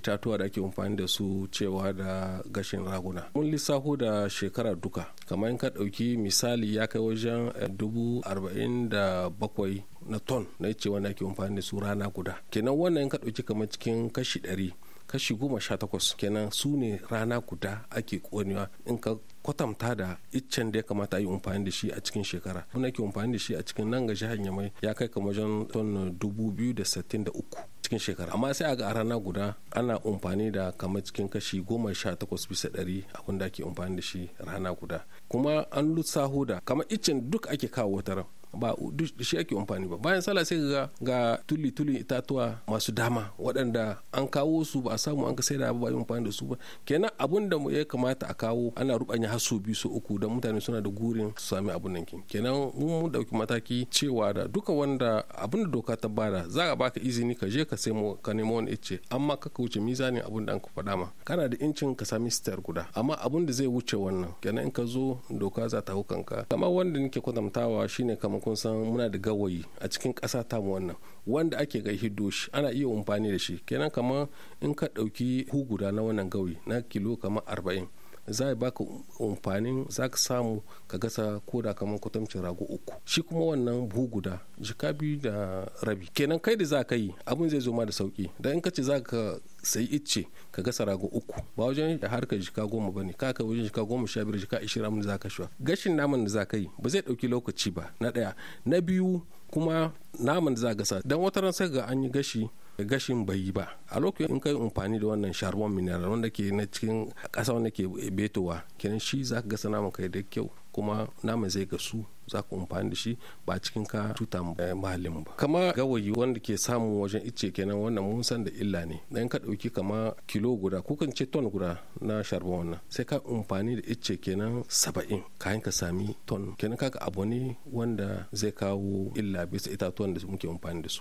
itatuwa da ake amfani da su cewa da gashin raguna mun lissafo da shekara duka kamar ka ɗauki misali ya kai wajen eh, dubu arba'in da bakwai na ton na ce wanda ake amfani da su rana guda kenan wannan ka ɗauki kamar cikin kashi ɗari kashi goma sha takwas kenan su ne rana guda ake konewa in ka kwatamta da iccen da ya kamata a yi amfani da shi a cikin shekara muna ke amfani da shi a cikin nan ga jihar yamai ya kai kamar wajen ton dubu biyu da sittin da uku cikin shekara amma sai a ga a rana guda ana amfani da kamar cikin kashi goma sha takwas bisa ɗari abin da ake amfani da shi rana guda kuma an lissaho da kamar icen duk ake kawo wata ba da shi ake amfani ba bayan sallah sai ga ga tuli tuli itatuwa masu dama waɗanda an kawo su ba a samu an ka da ba yi amfani da su ba kenan abun da ya kamata a kawo ana rubanya har su biyu so uku dan mutane suna da gurin su sami abun nan kenan mun mun dauki mataki cewa da duka wanda abun da doka ta bada za a baka izini ka je ka sai ka nemo wani ice amma ka wuce mizanin abun da an ka faɗa ma kana da incin ka sami sitar guda amma abun da zai wuce wannan kenan in ka zo doka za ta hukanka kamar wanda nake kwatantawa shine kamar kun san muna da gawayi a cikin ƙasa ta mu wannan wanda ake ga hiddo shi ana iya amfani da shi kenan kamar in ka ɗauki hu guda na wannan gawayi na kilo kamar arba'in za ya baka amfanin za ka samu ka gasa ko da kamar kwatancin rago uku shi kuma wannan buhu guda jika biyu da rabi kenan kai da za ka yi abin zai zo ma da sauki don in ka ce za ka sai icce ka gasa rago uku ba wajen da harka jika goma ne ka ka wajen jika goma sha biyar jika ishirin da za ka shuwa gashin naman da za ka yi ba zai ɗauki lokaci ba na ɗaya na biyu kuma naman da za ka gasa dan wata ran sai ga an yi gashi gashin bai yi ba a lokacin in kai amfani da wannan sharbon mineral wanda ke na cikin ƙasa wanda ke betowa kenan shi za ka gasa naman kai da kyau kuma naman zai gasu za ka amfani da shi ba cikin ka tuta eh, mahallin ba kama gawayi wanda ke samun wajen ice kenan wannan mun san da illa ne dan ka dauki kama kilo guda ko kan ce ton guda na sharbon wannan sai ka amfani da ice kenan saba'in kayan ka sami ton kenan kaga abu ne wanda zai kawo illa bisa itatuwan da muke amfani da su